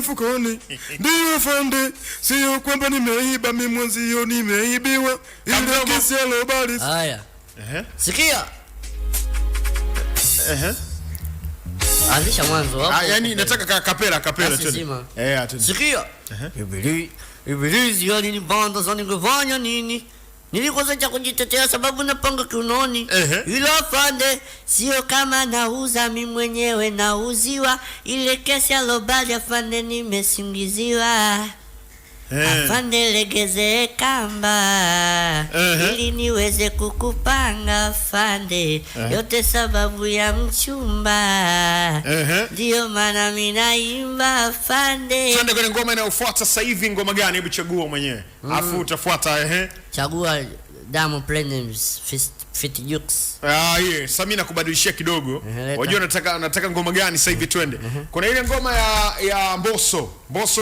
mfukoni ndio fundi, sio kwamba nimeiba mimi mwenzio nimeibiwa, ile kesi ya Haya, ehe, sikia, ehe, anzisha mwanzo hapo. Ah, yani nataka ka kapela kapela tu, Eh, ah, sikia, ehe, Biblia Biblia, yani ni banda zani zaningefanya nini Nilikosa cha kujitetea sababu napanga kiunoni. ilo fande sio kama nauza mi mwenyewe nauziwa, ile kesi ya lobali afande nimesingiziwa. Eh. Afande, legeze kamba eh, eh. ili niweze kukupanga afande yote sababu ya mchumba ndiyo mana maana minaimba afande. kwenye ngoma inayofuata sasa hivi. Ngoma gani? Hebu chagua mwenyewe mm. afu utafuata chagua Diamond Platnumz Fit ah, nakubadilishia kidogo. Wajua nataka nataka ngoma gani sasa hivi twende. Mm-hmm. Kuna ile ngoma ya ya